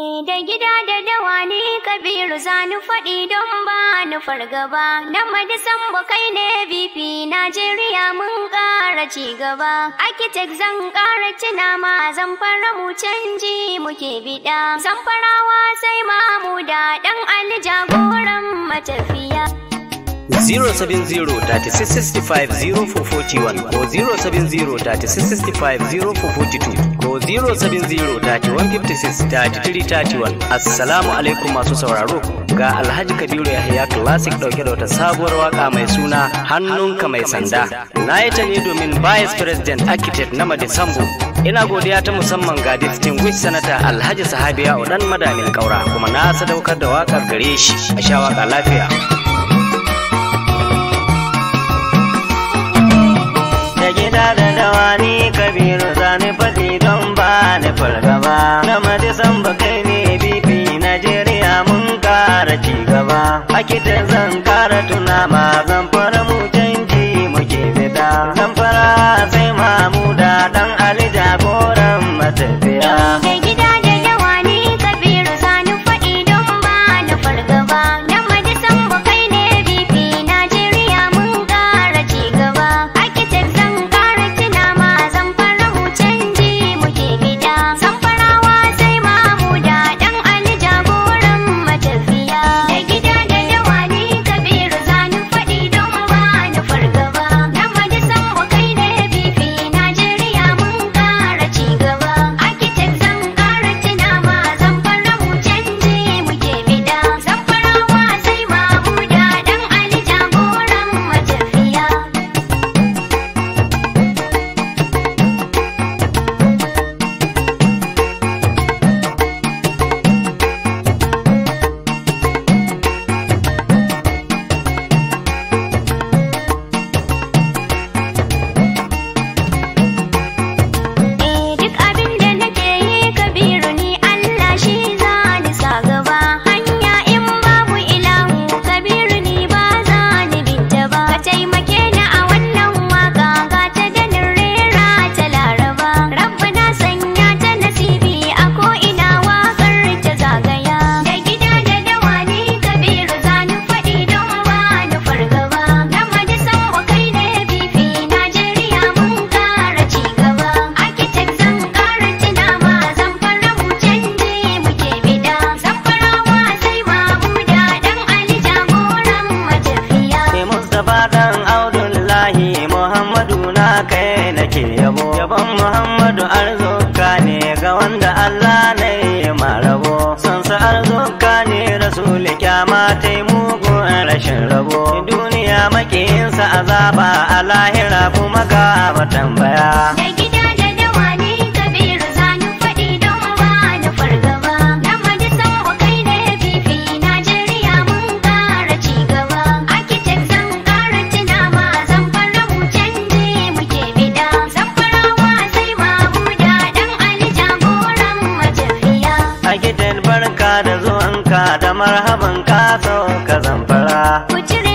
da gida da dawa ne kabiru zanu faɗi don ba ni fargaba na madisan kai ne bp najeriya mun ƙara ci gaba architect zan ƙara tuna ma zamfara mu canji muke biɗa zamfarawa sai mamu da ɗan ali jagoran matafiya 070-3665-0441 ko 070-3665-0442 ko Assalamu alaikum masu sauraro. Ga Alhaji Kabiru Yahya Classic ɗauke da wata sabuwar waka mai suna Hannunka mai sanda. Na yi ta ne domin Vice President Architect na Madisambu. Ina godiya ta musamman ga Distinguished Senator Alhaji Sahabiya Udan Madamin Kaura kuma na sadaukar da wakar gare shi a sha lafiya. fargaba na madisamba kai ne bibi najeriya mun kara cigaba a kitin zan kara tuna ma zaba a lahira kuma ga tambaya. Da gida da dawa ne kabiru zanu faɗi don ba da fargaba. Dan maji sanwa kai da fifi Najeriya mun ƙara ci gaba. Architect zan ƙara tuna ma mu canje muke bida. Zan farawa sai mamuda dan Ali jagoran matafiya. A gidan barka da zuwanka da marhaban ka zo zamfara. Ku cire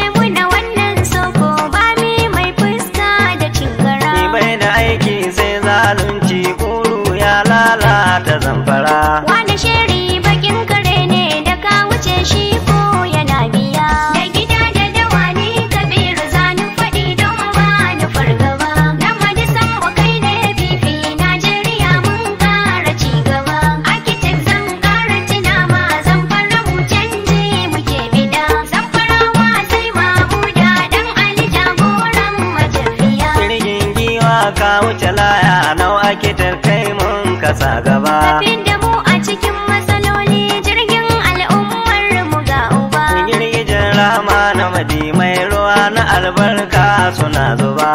wuce laya nau ake kai mun kasa gaba. Tafin da mu a cikin matsaloli jirgin al'ummar mu ga uba. Girgijin rama na madi mai ruwa na albarka suna zuba.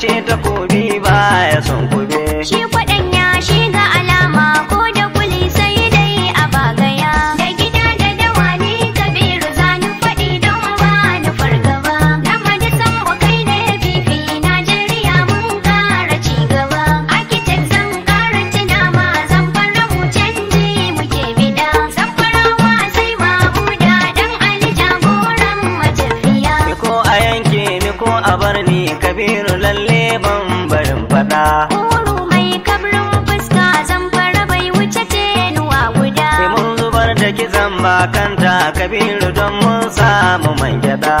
ce da ni kabiru lalle ban barin fada Horo mai kabrin fuska zamfara bai wuce ce nuwa guda mun zubar da kizan bakanta kabiru don mun samu man gyada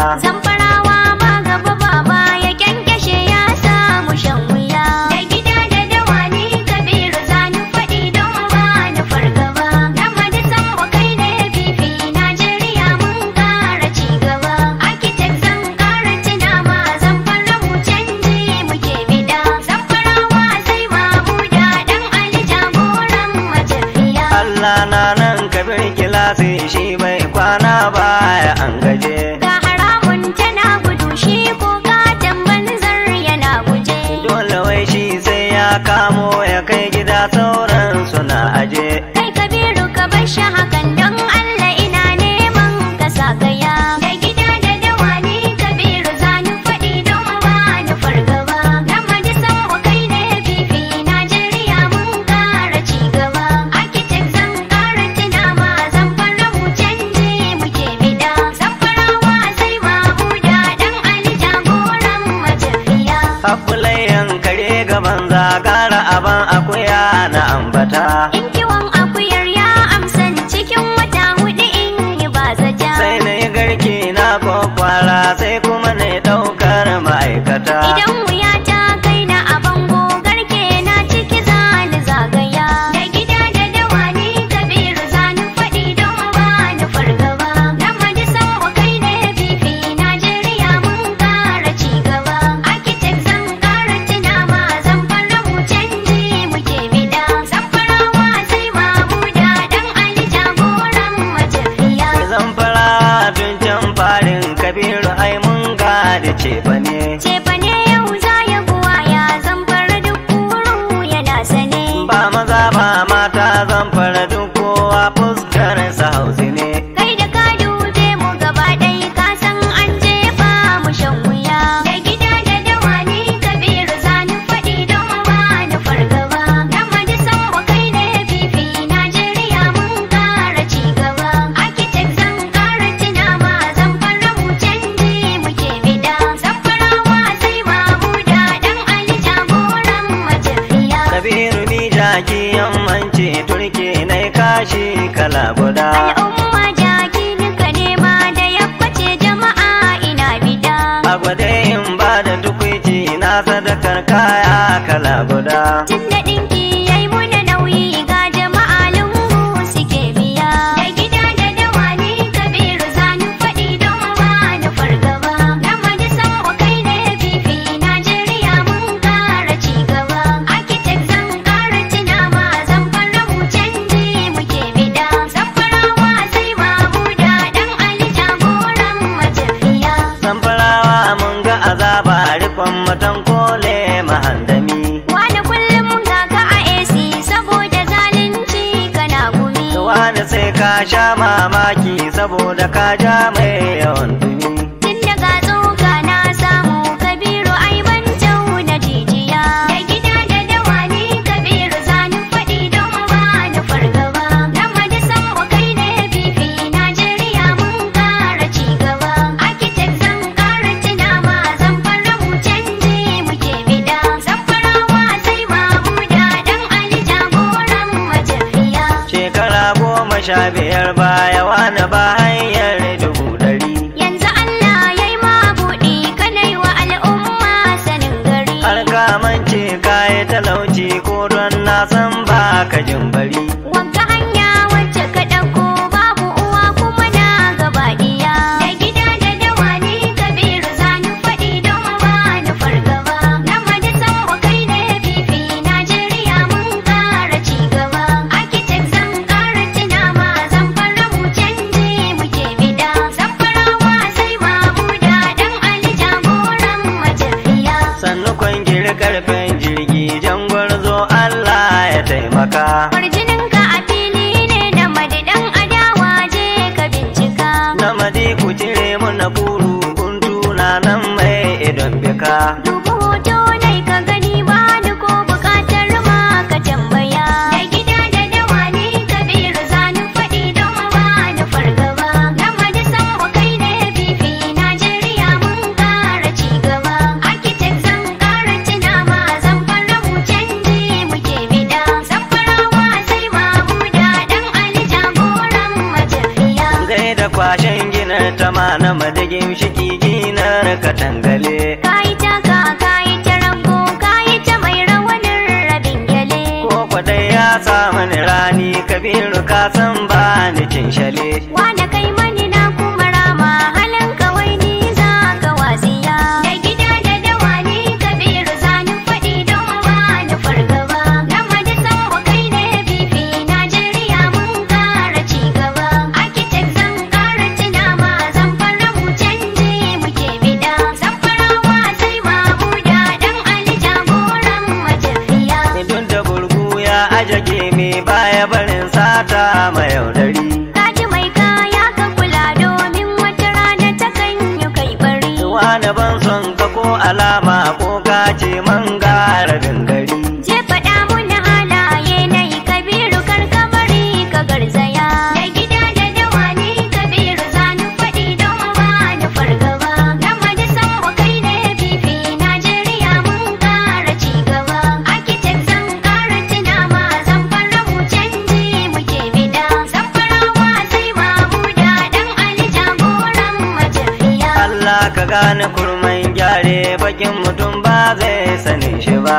kaya uh, sha mamaki saboda ka ja mai muna buru kuntu na nan mai idan bika. ka tangale kayi taka kayi ta rago ta mai rawanin rabin gyale ko kwadai ya sa mani rani kabiru ka san ba ni cin shale gane kurman gyare bakin mutum ba zai sani shi ba.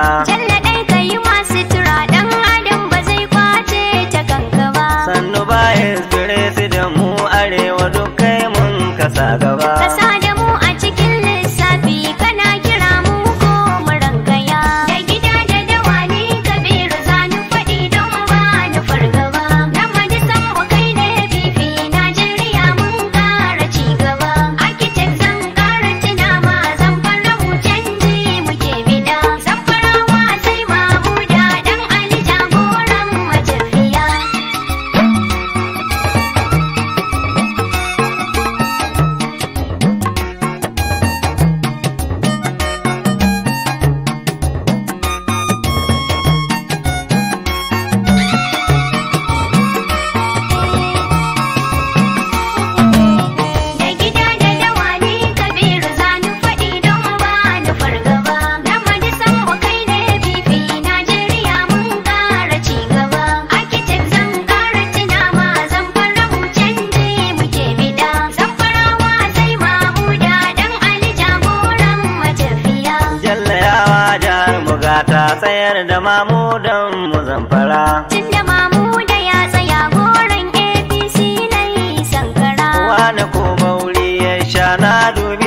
mu zamfara. Jibla mamu da ya tsaya goron APC na yi sankara. Wani ko bauri ya sha na duniya.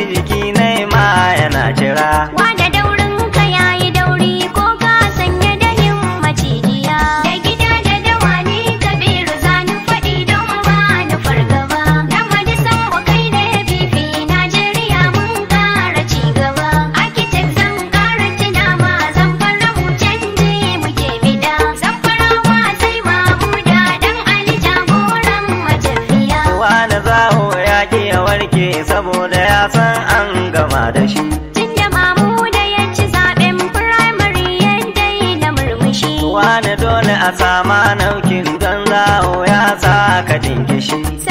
conditions.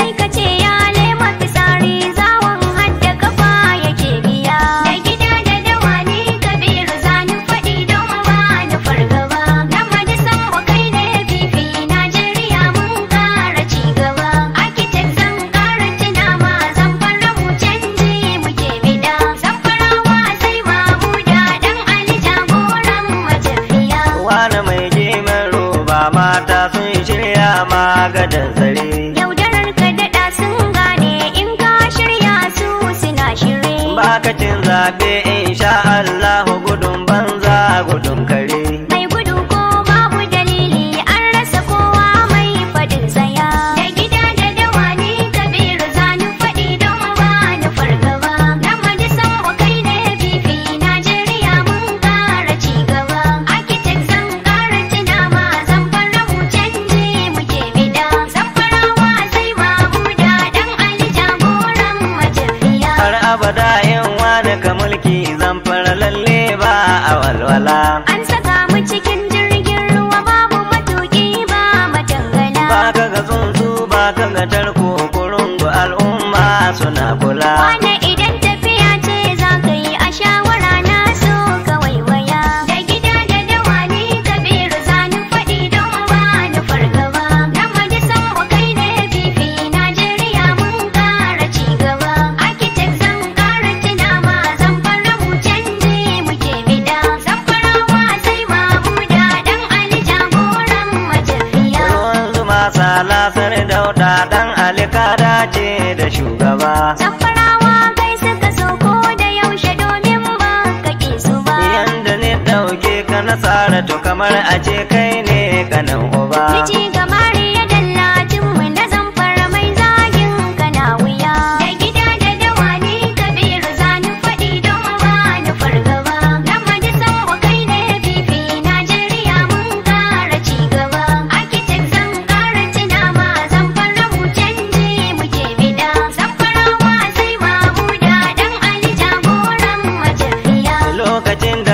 shugaba safarawa bai suka so ko da yaushe domin ba kake su ba Yanda ne dauke ka na to kamar a ce kai ne kanan uba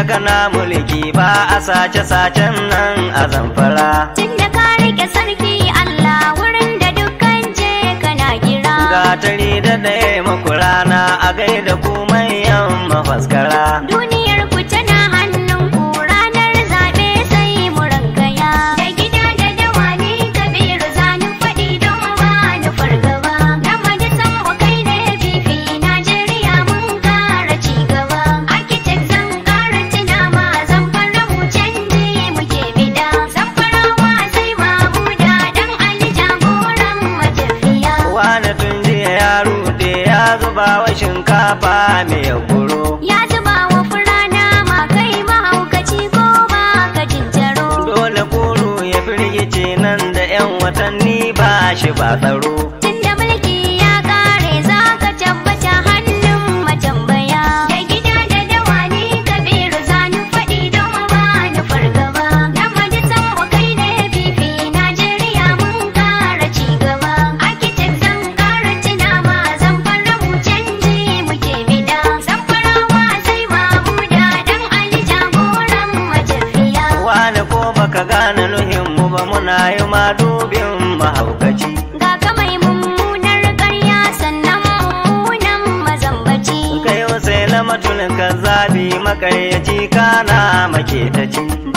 ka na mulki ba a sace-sacen nan a zamfara. Tun da ka rike sarki Allah wurin da dukkan je kana kira. tare da ɗaya makurana a gaida ku manyan mafaskara. Duniyar ku tana ba mai kuro. Ya zuba wa fura ma kai mahaukaci ko ba ka jinjaro. Dole goro ya firgice nan da 'yan watanni ba shi ba tsaro. ce kana mace ta ci.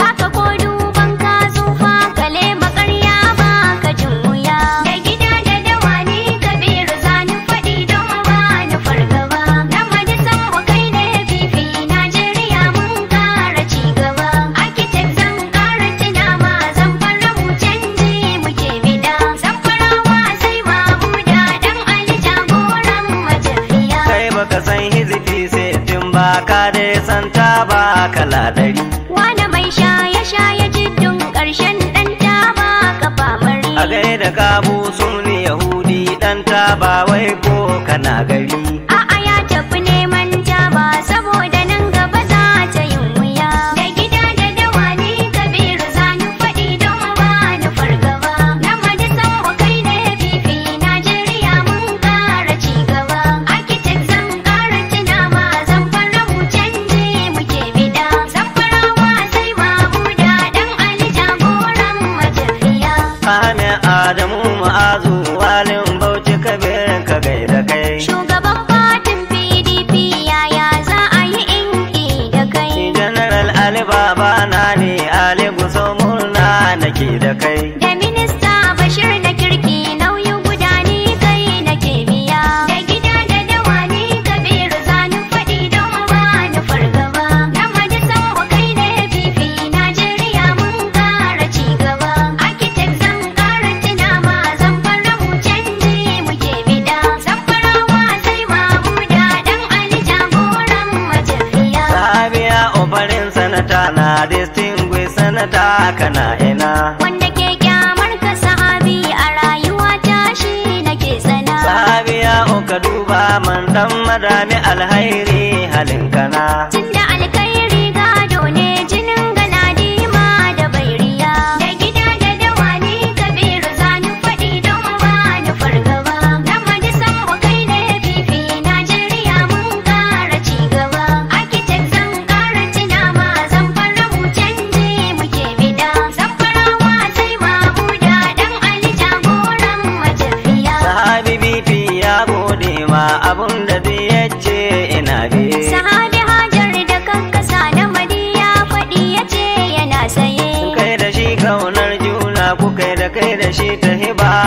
sanata na distinguished sanata kana ina wanda ke kyamar ka sahabi a rayuwa ta shi nake sana sahabiya ka duba man dan madami alhairi halin kana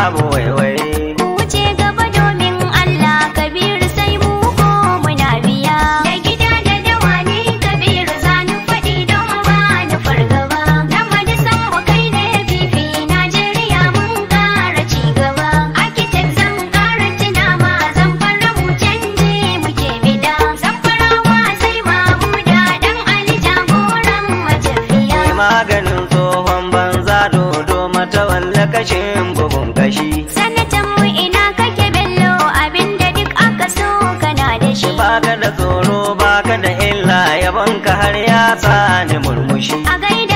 abu waiwai Baka ka da tsoro ba ka da illa yabon ka har ya sa ni murmushi a gaida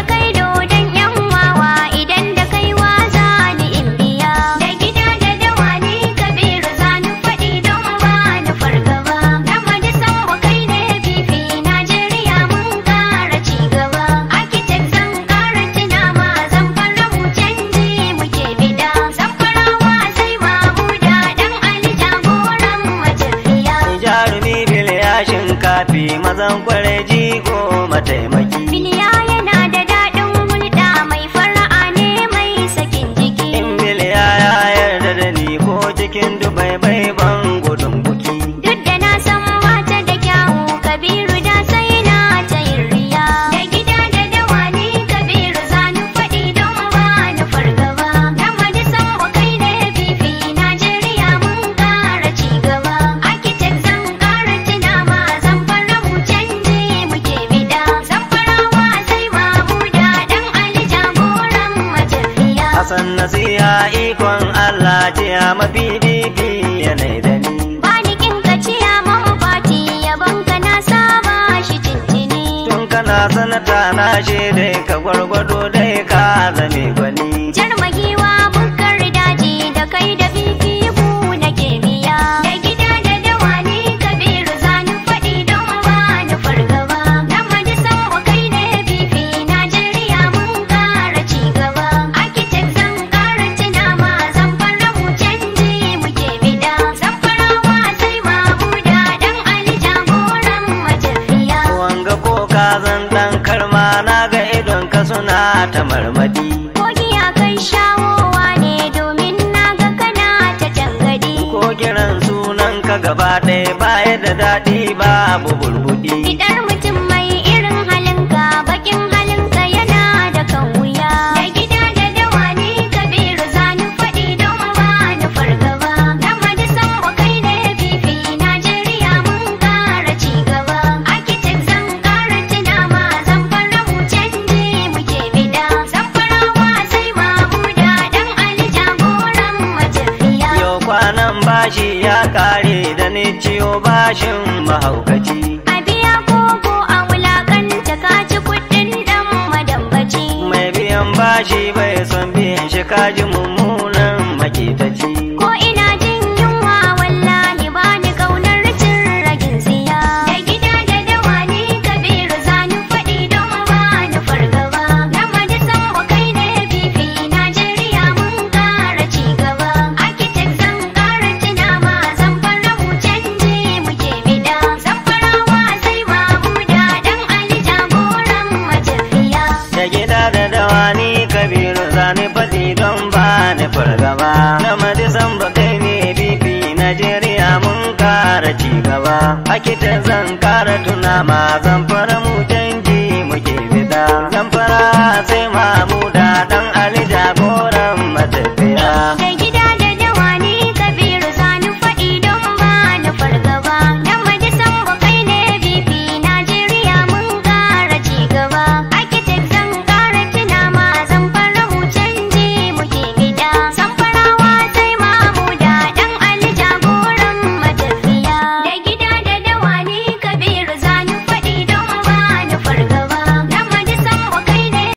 ne ciwo bashin mahaukaci fargaba namadi zamba kai ne bibi najeriya mun kara cigaba a kitan zan kara tuna ma zan fara mu